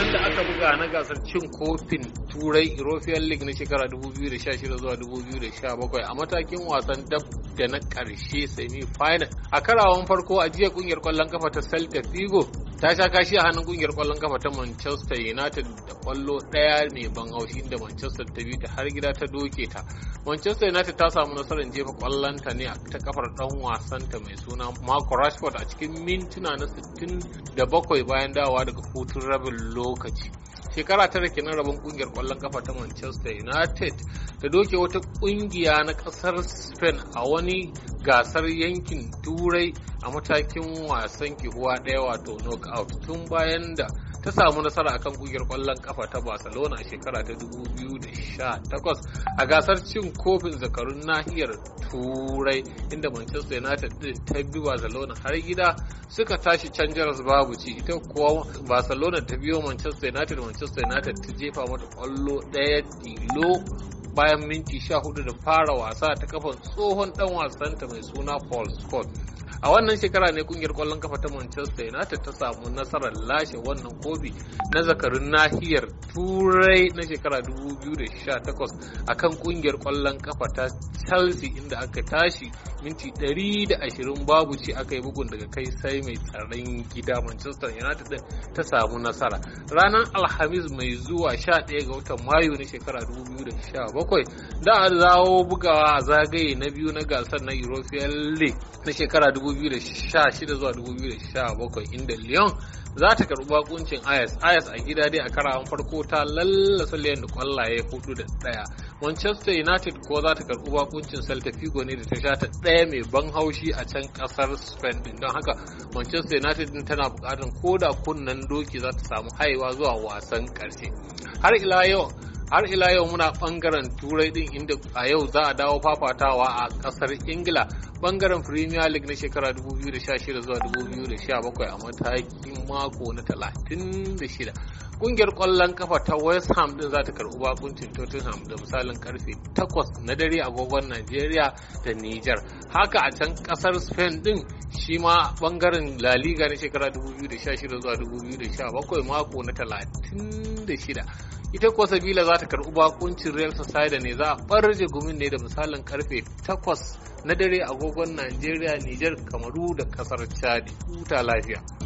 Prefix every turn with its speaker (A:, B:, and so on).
A: wasannin da aka buga na gasar cin kofin turai european league na shekara 2016 zuwa 2017 a matakin wasan dab da na karshe semi final a karawan farko a jiya kungiyar kwallon kafa ta celta vigo ta sha kashi a hannun kungiyar kwallon kafa ta manchester united da kwallo daya mai ban haushi inda manchester ta bi ta har gida ta doke ta manchester united ta samu nasarar jefa kwallon ta ne ta kafar dan wasanta mai suna marco rashford a cikin mintuna na 67 bayan dawowa daga hutun rabin lokaci shekara tara kenan rabin kungiyar kwallon kafa ta manchester united ta doke wata kungiya na kasar spain a wani gasar yankin turai a matakin wasan kihuwa ɗaya wato knockout tun bayan da ta samu nasara akan kungiyar kwallon kafa ta barcelona a shekara ta 2018 a gasar cin kofin zakarun nahiyar turai inda manchester united ta bi barcelona har gida suka tashi canjaras babu ci ita kuwa barcelona ta biyo manchester united manchester united ta jefa mata kwallo daya tilo bayan minti 14 da fara wasa ta kafan tsohon dan wasanta mai suna paul scott a wannan shekara ne kungiyar kwallon kafa ta manchester united ta samu nasarar lashe wannan kofi na zakarun nahiyar turai na shekara 2018 akan kungiyar kwallon kafa ta chelsea inda aka tashi minti 120 babu ci aka yi bugun daga kai sai mai tsaron gida manchester united ta samu nasara ranar alhamis mai zuwa 11 ga watan mayu na shekara 2017 da a zawo bugawa a zagaye na biyu na gasar na european league na shekara 2016 zuwa 2017 inda lyon za ta karbi bakuncin ayas ayas a gida dai a karawan farko ta lallasa leon da kwallaye hudu da daya Manchester United ko za ta karɓi bakuncin Celta Figo ne da ta sha ta ɗaya mai ban haushi a can ƙasar Spain din don haka Manchester United din tana buƙatar da kunnen doki za ta samu haihuwa zuwa wasan ƙarshe. Har ila yau har ila yau muna bangaren turai din inda a yau za a dawo fafatawa a kasar ingila bangaren premier league na shekara 2016 zuwa 2017 a matakin mako na 36 kungiyar kwallon kafa ta west ham din za ta karbi bakuncin tottenham da misalin karfe 8 na dare agogon nigeria da niger haka a can kasar spain din shi ma bangaren la liga na shekara 2016 zuwa 2017 mako na 36 ita kuwa sabila za ta karɓi bakuncin real society ne za a farje gumin ne da misalin karfe 8 na dare agogon najeriya niger kamaru da kasar chadi huta lafiya